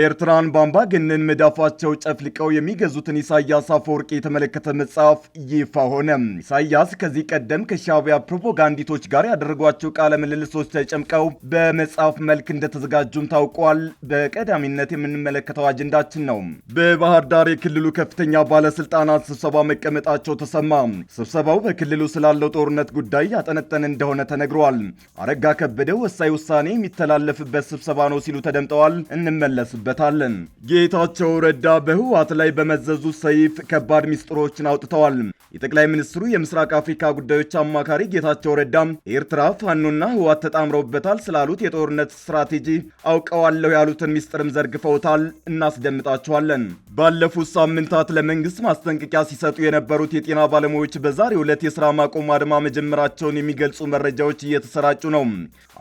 ኤርትራን በአምባገነን መዳፋቸው ጨፍልቀው የሚገዙትን ኢሳያስ አፈወርቅ የተመለከተ መጽሐፍ ይፋ ሆነ። ኢሳያስ ከዚህ ቀደም ከሻቢያ ፕሮፓጋንዲቶች ጋር ያደረጓቸው ቃለ ምልልሶች ተጨምቀው በመጽሐፍ መልክ እንደተዘጋጁም ታውቋል። በቀዳሚነት የምንመለከተው አጀንዳችን ነው። በባህር ዳር የክልሉ ከፍተኛ ባለስልጣናት ስብሰባ መቀመጣቸው ተሰማ። ስብሰባው በክልሉ ስላለው ጦርነት ጉዳይ ያጠነጠን እንደሆነ ተነግሯል። አረጋ ከበደ ወሳኝ ውሳኔ የሚተላለፍበት ስብሰባ ነው ሲሉ ተደምጠዋል። እንመለስ እንመለስበታለን። ጌታቸው ረዳ በህወሓት ላይ በመዘዙ ሰይፍ ከባድ ሚስጥሮችን አውጥተዋል። የጠቅላይ ሚኒስትሩ የምስራቅ አፍሪካ ጉዳዮች አማካሪ ጌታቸው ረዳ ኤርትራ ፋኖና ህወሓት ተጣምረውበታል ስላሉት የጦርነት ስትራቴጂ አውቀዋለሁ ያሉትን ሚስጥርም ዘርግፈውታል። እናስደምጣቸዋለን። ባለፉት ሳምንታት ለመንግስት ማስጠንቀቂያ ሲሰጡ የነበሩት የጤና ባለሙያዎች በዛሬው ዕለት የስራ ማቆም አድማ መጀመራቸውን የሚገልጹ መረጃዎች እየተሰራጩ ነው።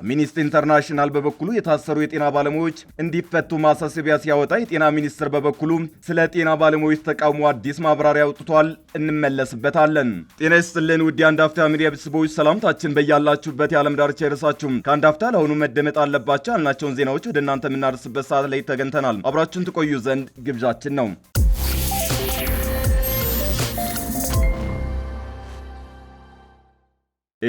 አምነስቲ ኢንተርናሽናል በበኩሉ የታሰሩ የጤና ባለሙያዎች እንዲፈቱ ማሰስ ማሳሰቢያ ሲያወጣ የጤና ሚኒስቴር በበኩሉ ስለ ጤና ባለሙያዎች ተቃውሞ አዲስ ማብራሪያ አውጥቷል። እንመለስበታለን። ጤና ይስጥልን ውድ አንድ አፍታ ሚዲያ ቤተሰቦች፣ ሰላምታችን በያላችሁበት የዓለም ዳርቻ ይድረሳችሁ። ከአንድ አፍታ ለአሁኑ መደመጥ አለባቸው ያልናቸውን ዜናዎች ወደ እናንተ የምናደርስበት ሰዓት ላይ ተገኝተናል። አብራችሁን ትቆዩ ዘንድ ግብዣችን ነው።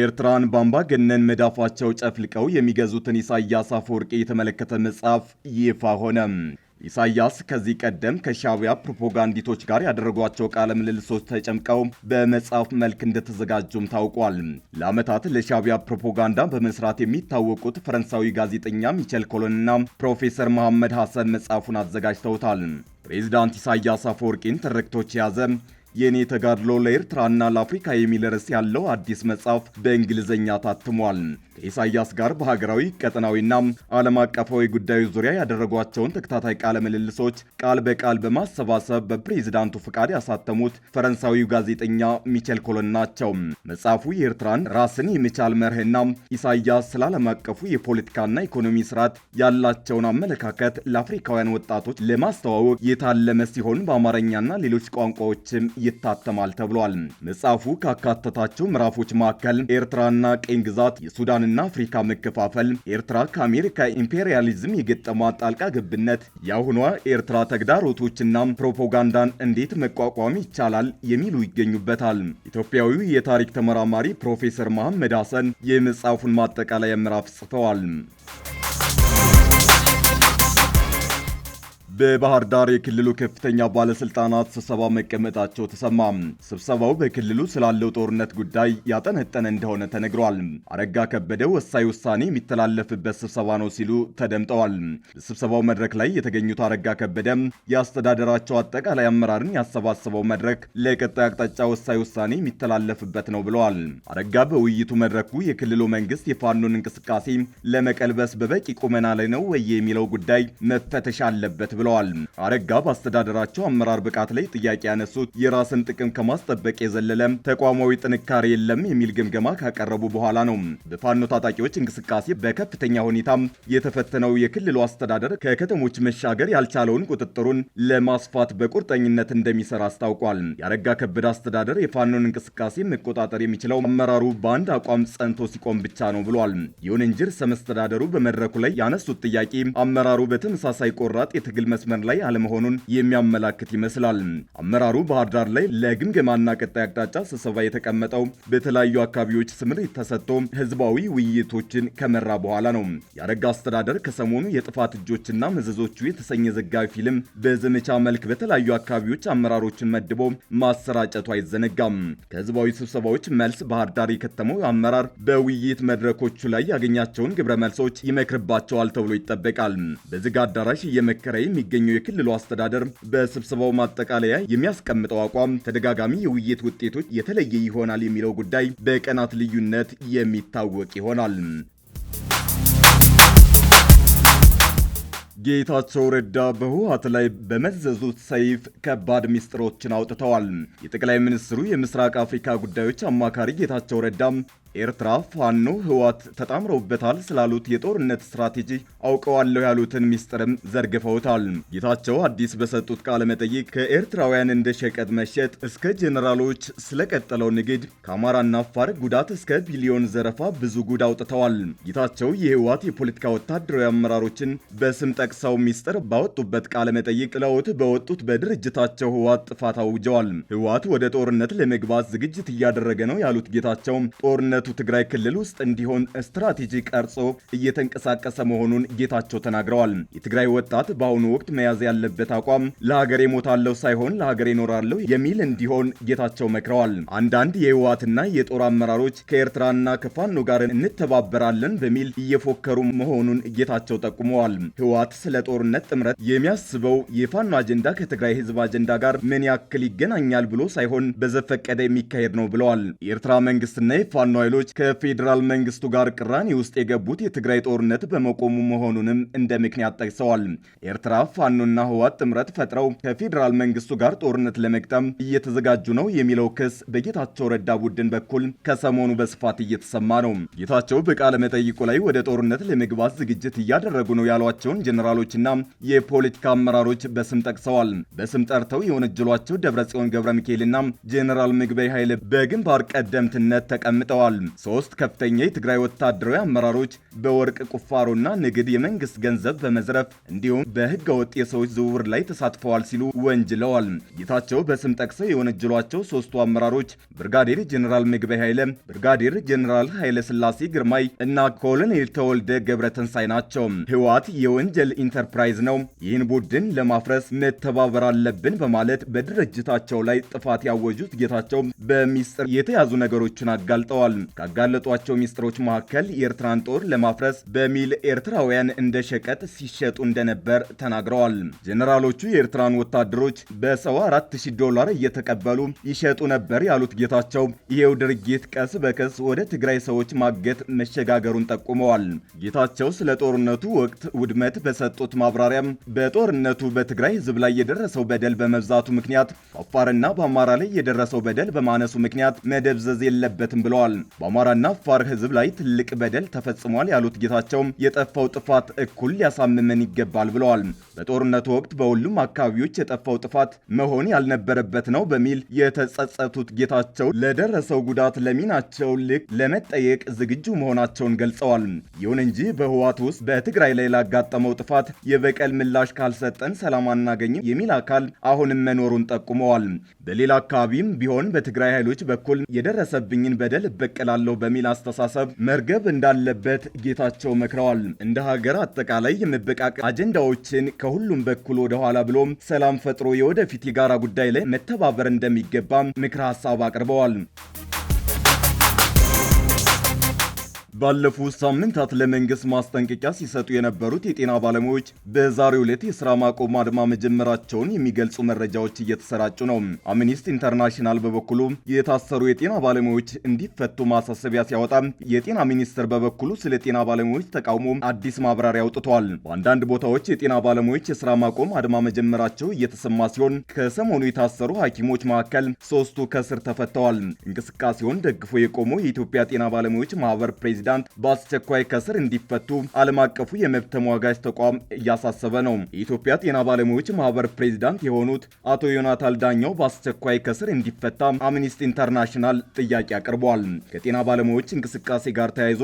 ኤርትራን ባምባገነን መዳፋቸው ጨፍልቀው የሚገዙትን ኢሳያስ አፈወርቂ የተመለከተ መጽሐፍ ይፋ ሆነ። ኢሳያስ ከዚህ ቀደም ከሻቢያ ፕሮፓጋንዲቶች ጋር ያደረጓቸው ቃለ ምልልሶች ተጨምቀው በመጽሐፍ መልክ እንደተዘጋጁም ታውቋል። ለዓመታት ለሻቢያ ፕሮፓጋንዳ በመስራት የሚታወቁት ፈረንሳዊ ጋዜጠኛ ሚቸል ኮሎንና ፕሮፌሰር መሐመድ ሐሰን መጽሐፉን አዘጋጅተውታል። ፕሬዚዳንት ኢሳያስ አፈወርቂን ትርክቶች የያዘ የኔ ተጋድሎ ለኤርትራና ለአፍሪካ የሚል ርዕስ ያለው አዲስ መጽሐፍ በእንግሊዝኛ ታትሟል። ከኢሳያስ ጋር በሀገራዊ ቀጠናዊና ዓለም አቀፋዊ ጉዳዮች ዙሪያ ያደረጓቸውን ተከታታይ ቃለ ምልልሶች ቃል በቃል በማሰባሰብ በፕሬዚዳንቱ ፍቃድ ያሳተሙት ፈረንሳዊው ጋዜጠኛ ሚቸል ኮሎን ናቸው። መጽሐፉ የኤርትራን ራስን የመቻል መርህና ኢሳያስ ስለ ዓለም አቀፉ የፖለቲካና ኢኮኖሚ ስርዓት ያላቸውን አመለካከት ለአፍሪካውያን ወጣቶች ለማስተዋወቅ የታለመ ሲሆን በአማርኛና ሌሎች ቋንቋዎችም ይታተማል ተብሏል። መጽሐፉ ካካተታቸው ምዕራፎች መካከል ኤርትራና ቅኝ ግዛት፣ የሱዳንና አፍሪካ መከፋፈል፣ ኤርትራ ከአሜሪካ ኢምፔሪያሊዝም የገጠማ ጣልቃ ገብነት፣ የአሁኗ ኤርትራ ተግዳሮቶችና ፕሮፓጋንዳን እንዴት መቋቋም ይቻላል የሚሉ ይገኙበታል። ኢትዮጵያዊው የታሪክ ተመራማሪ ፕሮፌሰር መሐመድ ሐሰን የመጽሐፉን ማጠቃለያ ምዕራፍ ጽፈዋል። በባህር ዳር የክልሉ ከፍተኛ ባለስልጣናት ስብሰባ መቀመጣቸው ተሰማ። ስብሰባው በክልሉ ስላለው ጦርነት ጉዳይ ያጠነጠነ እንደሆነ ተነግሯል። አረጋ ከበደ ወሳኝ ውሳኔ የሚተላለፍበት ስብሰባ ነው ሲሉ ተደምጠዋል። በስብሰባው መድረክ ላይ የተገኙት አረጋ ከበደ የአስተዳደራቸው አጠቃላይ አመራርን ያሰባሰበው መድረክ ለቀጣይ አቅጣጫ ወሳኝ ውሳኔ የሚተላለፍበት ነው ብለዋል። አረጋ በውይይቱ መድረኩ የክልሉ መንግስት የፋኖን እንቅስቃሴ ለመቀልበስ በበቂ ቁመና ላይ ነው ወይ የሚለው ጉዳይ መፈተሻ አለበት ብለዋል። አረጋ በአስተዳደራቸው አመራር ብቃት ላይ ጥያቄ ያነሱት የራስን ጥቅም ከማስጠበቅ የዘለለ ተቋማዊ ጥንካሬ የለም የሚል ግምገማ ካቀረቡ በኋላ ነው። በፋኖ ታጣቂዎች እንቅስቃሴ በከፍተኛ ሁኔታ የተፈተነው የክልሉ አስተዳደር ከከተሞች መሻገር ያልቻለውን ቁጥጥሩን ለማስፋት በቁርጠኝነት እንደሚሰራ አስታውቋል። የአረጋ ከበደ አስተዳደር የፋኖን እንቅስቃሴ መቆጣጠር የሚችለው አመራሩ በአንድ አቋም ጸንቶ ሲቆም ብቻ ነው ብሏል። ይሁን እንጂ ርዕሰ መስተዳደሩ በመድረኩ ላይ ያነሱት ጥያቄ አመራሩ በተመሳሳይ ቆራጥ የትግል መስመር ላይ አለመሆኑን የሚያመላክት ይመስላል። አመራሩ ባህር ዳር ላይ ለግምገማና ቀጣይ አቅጣጫ ስብሰባ የተቀመጠው በተለያዩ አካባቢዎች ስምሪት ተሰጥቶ ህዝባዊ ውይይቶችን ከመራ በኋላ ነው። ያረጋ አስተዳደር ከሰሞኑ የጥፋት እጆችና መዘዞቹ የተሰኘ ዘጋቢ ፊልም በዘመቻ መልክ በተለያዩ አካባቢዎች አመራሮችን መድቦ ማሰራጨቱ አይዘነጋም። ከህዝባዊ ስብሰባዎች መልስ ባህር ዳር የከተመው አመራር በውይይት መድረኮቹ ላይ ያገኛቸውን ግብረ መልሶች ይመክርባቸዋል ተብሎ ይጠበቃል። በዝግ አዳራሽ እየመከረ የሚ የሚገኘው የክልሉ አስተዳደር በስብሰባው ማጠቃለያ የሚያስቀምጠው አቋም ተደጋጋሚ የውይይት ውጤቶች የተለየ ይሆናል የሚለው ጉዳይ በቀናት ልዩነት የሚታወቅ ይሆናል። ጌታቸው ረዳ በህወሓት ላይ በመዘዙት ሰይፍ ከባድ ሚስጥሮችን አውጥተዋል። የጠቅላይ ሚኒስትሩ የምስራቅ አፍሪካ ጉዳዮች አማካሪ ጌታቸው ረዳ። ኤርትራ ፋኖ ህዋት ተጣምረውበታል ስላሉት የጦርነት ስትራቴጂ አውቀዋለሁ ያሉትን ሚስጥርም ዘርግፈውታል። ጌታቸው አዲስ በሰጡት ቃለ መጠይቅ ከኤርትራውያን እንደ ሸቀጥ መሸጥ እስከ ጄኔራሎች ስለቀጠለው ንግድ ከአማራና አፋር ጉዳት እስከ ቢሊዮን ዘረፋ ብዙ ጉድ አውጥተዋል። ጌታቸው የህዋት የፖለቲካ ወታደራዊ አመራሮችን በስም ጠቅሰው ሚስጥር ባወጡበት ቃለ መጠይቅ ጥለውት በወጡት በድርጅታቸው ህዋት ጥፋት አውጀዋል። ህዋት ወደ ጦርነት ለመግባት ዝግጅት እያደረገ ነው ያሉት ጌታቸው ጦርነት በመሰረቱ ትግራይ ክልል ውስጥ እንዲሆን ስትራቴጂ ቀርጾ እየተንቀሳቀሰ መሆኑን ጌታቸው ተናግረዋል። የትግራይ ወጣት በአሁኑ ወቅት መያዝ ያለበት አቋም ለሀገሬ ሞታለሁ ሳይሆን ለሀገሬ እኖራለሁ የሚል እንዲሆን ጌታቸው መክረዋል። አንዳንድ የህወሓትና የጦር አመራሮች ከኤርትራና ከፋኖ ጋር እንተባበራለን በሚል እየፎከሩ መሆኑን ጌታቸው ጠቁመዋል። ህወሓት ስለ ጦርነት ጥምረት የሚያስበው የፋኖ አጀንዳ ከትግራይ ህዝብ አጀንዳ ጋር ምን ያክል ይገናኛል ብሎ ሳይሆን በዘፈቀደ የሚካሄድ ነው ብለዋል። የኤርትራ መንግስትና የፋኖ ኃይሎች ከፌዴራል መንግስቱ ጋር ቅራኔ ውስጥ የገቡት የትግራይ ጦርነት በመቆሙ መሆኑንም እንደ ምክንያት ጠቅሰዋል። ኤርትራ ፋኖና ህዋት ጥምረት ፈጥረው ከፌዴራል መንግስቱ ጋር ጦርነት ለመግጠም እየተዘጋጁ ነው የሚለው ክስ በጌታቸው ረዳ ቡድን በኩል ከሰሞኑ በስፋት እየተሰማ ነው። ጌታቸው በቃለ መጠይቁ ላይ ወደ ጦርነት ለመግባት ዝግጅት እያደረጉ ነው ያሏቸውን ጀኔራሎችና የፖለቲካ አመራሮች በስም ጠቅሰዋል። በስም ጠርተው የወነጀሏቸው ደብረጽዮን ገብረ ሚካኤልና ጀኔራል ምግበይ ኃይል በግንባር ቀደምትነት ተቀምጠዋል። ሶስት ከፍተኛ የትግራይ ወታደራዊ አመራሮች በወርቅ ቁፋሮና ንግድ የመንግስት ገንዘብ በመዝረፍ እንዲሁም ወጥ የሰዎች ዝውውር ላይ ተሳትፈዋል ሲሉ ወንጅለዋል። ጌታቸው በስም ጠቅሰው የወነጀሏቸው ሶስቱ አመራሮች ብርጋዴር ጀኔራል ምግበይ ኃይለ፣ ብርጋዴር ጀኔራል ኃይለ ስላሴ ግርማይ እና ኮሎኔል ተወልደ ገብረተንሳይ ናቸው። ህወሓት የወንጀል ኢንተርፕራይዝ ነው፣ ይህን ቡድን ለማፍረስ መተባበር አለብን በማለት በድርጅታቸው ላይ ጥፋት ያወጁት ጌታቸው በሚስጥር የተያዙ ነገሮችን አጋልጠዋል። ካጋለጧቸው ሚስጥሮች መካከል የኤርትራን ጦር ለማፍረስ በሚል ኤርትራውያን እንደ ሸቀጥ ሲሸጡ እንደነበር ተናግረዋል። ጄኔራሎቹ የኤርትራን ወታደሮች በሰው 4000 ዶላር እየተቀበሉ ይሸጡ ነበር ያሉት ጌታቸው ይሄው ድርጊት ቀስ በቀስ ወደ ትግራይ ሰዎች ማገት መሸጋገሩን ጠቁመዋል። ጌታቸው ስለ ጦርነቱ ወቅት ውድመት በሰጡት ማብራሪያም በጦርነቱ በትግራይ ሕዝብ ላይ የደረሰው በደል በመብዛቱ ምክንያት በአፋርና በአማራ ላይ የደረሰው በደል በማነሱ ምክንያት መደብዘዝ የለበትም ብለዋል። በአማራና ፋር ህዝብ ላይ ትልቅ በደል ተፈጽሟል ያሉት ጌታቸው የጠፋው ጥፋት እኩል ሊያሳምመን ይገባል ብለዋል። በጦርነቱ ወቅት በሁሉም አካባቢዎች የጠፋው ጥፋት መሆን ያልነበረበት ነው በሚል የተጸጸቱት ጌታቸው ለደረሰው ጉዳት ለሚናቸው ልክ ለመጠየቅ ዝግጁ መሆናቸውን ገልጸዋል። ይሁን እንጂ በህዋት ውስጥ በትግራይ ላይ ላጋጠመው ጥፋት የበቀል ምላሽ ካልሰጠን ሰላም አናገኝም የሚል አካል አሁንም መኖሩን ጠቁመዋል። በሌላ አካባቢም ቢሆን በትግራይ ኃይሎች በኩል የደረሰብኝን በደል እበቀላለሁ በሚል አስተሳሰብ መርገብ እንዳለበት ጌታቸው መክረዋል። እንደ ሀገር አጠቃላይ የመበቃቀል አጀንዳዎችን ከሁሉም በኩል ወደ ኋላ ብሎ ሰላም ፈጥሮ የወደፊት የጋራ ጉዳይ ላይ መተባበር እንደሚገባ ምክረ ሀሳብ አቅርበዋል። ባለፉት ሳምንታት ለመንግስት ማስጠንቀቂያ ሲሰጡ የነበሩት የጤና ባለሙያዎች በዛሬው ዕለት የስራ ማቆም አድማ መጀመራቸውን የሚገልጹ መረጃዎች እየተሰራጩ ነው። አምኒስቲ ኢንተርናሽናል በበኩሉ የታሰሩ የጤና ባለሙያዎች እንዲፈቱ ማሳሰቢያ ሲያወጣ፣ የጤና ሚኒስቴር በበኩሉ ስለ ጤና ባለሙያዎች ተቃውሞ አዲስ ማብራሪያ አውጥቷል። በአንዳንድ ቦታዎች የጤና ባለሙያዎች የስራ ማቆም አድማ መጀመራቸው እየተሰማ ሲሆን ከሰሞኑ የታሰሩ ሐኪሞች መካከል ሶስቱ ከስር ተፈተዋል። እንቅስቃሴውን ደግፎ የቆመው የኢትዮጵያ ጤና ባለሙያዎች ማህበር ፕሬዚዳንት ፕሬዚዳንት በአስቸኳይ ከስር እንዲፈቱ ዓለም አቀፉ የመብት ተሟጋጅ ተቋም እያሳሰበ ነው። የኢትዮጵያ ጤና ባለሙያዎች ማህበር ፕሬዚዳንት የሆኑት አቶ ዮናታን ዳኛው በአስቸኳይ ከስር እንዲፈታ አምኒስቲ ኢንተርናሽናል ጥያቄ አቅርበዋል። ከጤና ባለሙያዎች እንቅስቃሴ ጋር ተያይዞ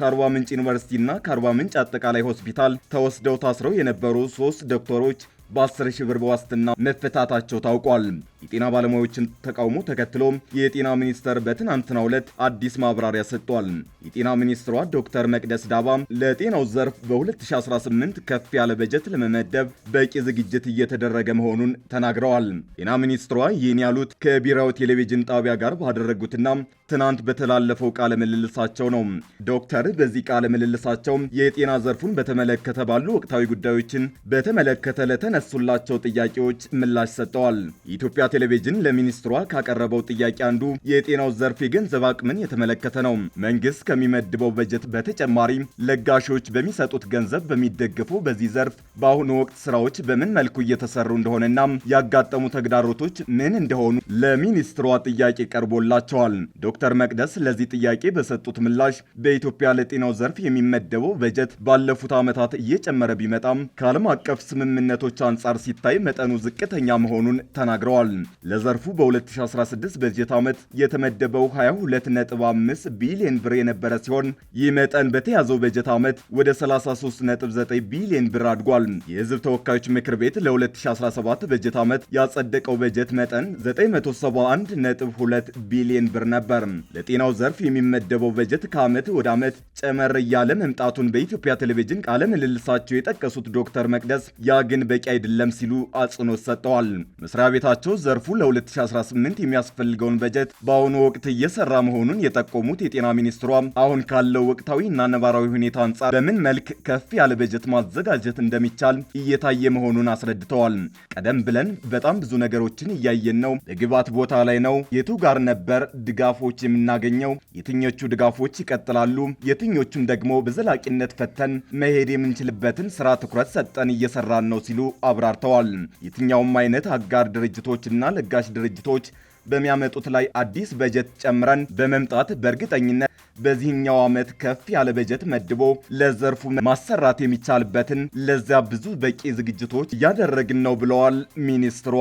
ከአርባ ምንጭ ዩኒቨርሲቲና ከአርባ ምንጭ አጠቃላይ ሆስፒታል ተወስደው ታስረው የነበሩ ሶስት ዶክተሮች በ10 ሺህ ብር በዋስትና መፈታታቸው ታውቋል። የጤና ባለሙያዎችን ተቃውሞ ተከትሎ የጤና ሚኒስተር በትናንትናው ዕለት አዲስ ማብራሪያ ሰጥቷል። የጤና ሚኒስትሯ ዶክተር መቅደስ ዳባ ለጤናው ዘርፍ በ2018 ከፍ ያለ በጀት ለመመደብ በቂ ዝግጅት እየተደረገ መሆኑን ተናግረዋል። ጤና ሚኒስትሯ ይህን ያሉት ከብሔራዊ ቴሌቪዥን ጣቢያ ጋር ባደረጉትና ትናንት በተላለፈው ቃለ ምልልሳቸው ነው። ዶክተር በዚህ ቃለ ምልልሳቸው የጤና ዘርፉን በተመለከተ ባሉ ወቅታዊ ጉዳዮችን በተመለከተ ለተነሱላቸው ጥያቄዎች ምላሽ ሰጥተዋል። የኢትዮጵያ ኢትዮጵያ ቴሌቪዥን ለሚኒስትሯ ካቀረበው ጥያቄ አንዱ የጤናው ዘርፍ የገንዘብ አቅምን የተመለከተ ነው። መንግስት ከሚመድበው በጀት በተጨማሪ ለጋሾች በሚሰጡት ገንዘብ በሚደገፉ በዚህ ዘርፍ በአሁኑ ወቅት ስራዎች በምን መልኩ እየተሰሩ እንደሆነና ያጋጠሙ ተግዳሮቶች ምን እንደሆኑ ለሚኒስትሯ ጥያቄ ቀርቦላቸዋል። ዶክተር መቅደስ ለዚህ ጥያቄ በሰጡት ምላሽ በኢትዮጵያ ለጤናው ዘርፍ የሚመደበው በጀት ባለፉት ዓመታት እየጨመረ ቢመጣም ከዓለም አቀፍ ስምምነቶች አንጻር ሲታይ መጠኑ ዝቅተኛ መሆኑን ተናግረዋል። ለዘርፉ በ2016 በጀት ዓመት የተመደበው 22.5 ቢሊዮን ብር የነበረ ሲሆን ይህ መጠን በተያዘው በጀት ዓመት ወደ 33.9 ቢሊዮን ብር አድጓል። የህዝብ ተወካዮች ምክር ቤት ለ2017 በጀት ዓመት ያጸደቀው በጀት መጠን 971.2 ቢሊዮን ብር ነበር። ለጤናው ዘርፍ የሚመደበው በጀት ከዓመት ወደ ዓመት ጨመር እያለ መምጣቱን በኢትዮጵያ ቴሌቪዥን ቃለ ምልልሳቸው የጠቀሱት ዶክተር መቅደስ ያ ግን በቂ አይደለም ሲሉ አጽንኦት ሰጥተዋል። መስሪያ ቤታቸው ዘርፉ ለ2018 የሚያስፈልገውን በጀት በአሁኑ ወቅት እየሰራ መሆኑን የጠቆሙት የጤና ሚኒስትሯ አሁን ካለው ወቅታዊ እና ነባራዊ ሁኔታ አንጻር በምን መልክ ከፍ ያለ በጀት ማዘጋጀት እንደሚቻል እየታየ መሆኑን አስረድተዋል። ቀደም ብለን በጣም ብዙ ነገሮችን እያየን ነው። በግብዓት ቦታ ላይ ነው። የቱ ጋር ነበር ድጋፎች የምናገኘው? የትኞቹ ድጋፎች ይቀጥላሉ? የትኞቹን ደግሞ በዘላቂነት ፈተን መሄድ የምንችልበትን ስራ ትኩረት ሰጠን እየሰራን ነው ሲሉ አብራርተዋል። የትኛውም አይነት አጋር ድርጅቶች ወራጅና ለጋሽ ድርጅቶች በሚያመጡት ላይ አዲስ በጀት ጨምረን በመምጣት በእርግጠኝነት በዚህኛው ዓመት ከፍ ያለ በጀት መድቦ ለዘርፉ ማሰራት የሚቻልበትን ለዚያ ብዙ በቂ ዝግጅቶች እያደረግን ነው ብለዋል ሚኒስትሯ።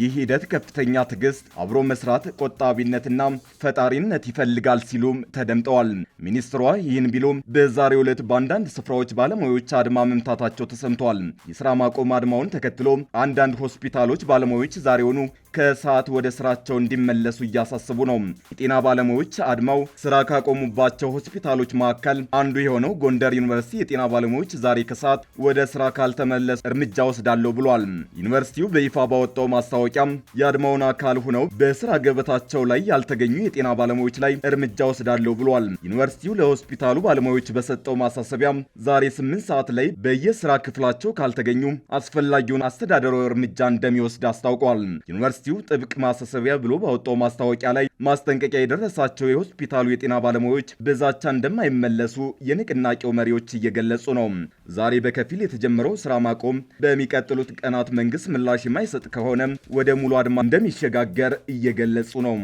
ይህ ሂደት ከፍተኛ ትዕግስት፣ አብሮ መስራት፣ ቆጣቢነትና ፈጣሪነት ይፈልጋል ሲሉም ተደምጠዋል። ሚኒስትሯ ይህን ቢሎም በዛሬው ዕለት በአንዳንድ ስፍራዎች ባለሙያዎች አድማ መምታታቸው ተሰምተዋል። የስራ ማቆም አድማውን ተከትሎ አንዳንድ ሆስፒታሎች ባለሙያዎች ዛሬውኑ ከሰዓት ወደ ስራቸው እንዲመለሱ እያሳሰቡ ነው። የጤና ባለሙያዎች አድማው ስራ ካቆሙባ ከሚገኙባቸው ሆስፒታሎች መካከል አንዱ የሆነው ጎንደር ዩኒቨርሲቲ የጤና ባለሙያዎች ዛሬ ከሰዓት ወደ ስራ ካልተመለሰ እርምጃ ወስዳለሁ ብሏል። ዩኒቨርሲቲው በይፋ ባወጣው ማስታወቂያ የአድማውን አካል ሆነው በስራ ገበታቸው ላይ ያልተገኙ የጤና ባለሙያዎች ላይ እርምጃ ወስዳለሁ ብሏል። ዩኒቨርሲቲው ለሆስፒታሉ ባለሙያዎች በሰጠው ማሳሰቢያ ዛሬ ስምንት ሰዓት ላይ በየስራ ክፍላቸው ካልተገኙ አስፈላጊውን አስተዳደራዊ እርምጃ እንደሚወስድ አስታውቋል። ዩኒቨርሲቲው ጥብቅ ማሳሰቢያ ብሎ ባወጣው ማስታወቂያ ላይ ማስጠንቀቂያ የደረሳቸው የሆስፒታሉ የጤና ባለሙያዎች በዛቻ እንደማይመለሱ የንቅናቄው መሪዎች እየገለጹ ነው። ዛሬ በከፊል የተጀመረው ስራ ማቆም በሚቀጥሉት ቀናት መንግስት ምላሽ የማይሰጥ ከሆነ ወደ ሙሉ አድማ እንደሚሸጋገር እየገለጹ ነው።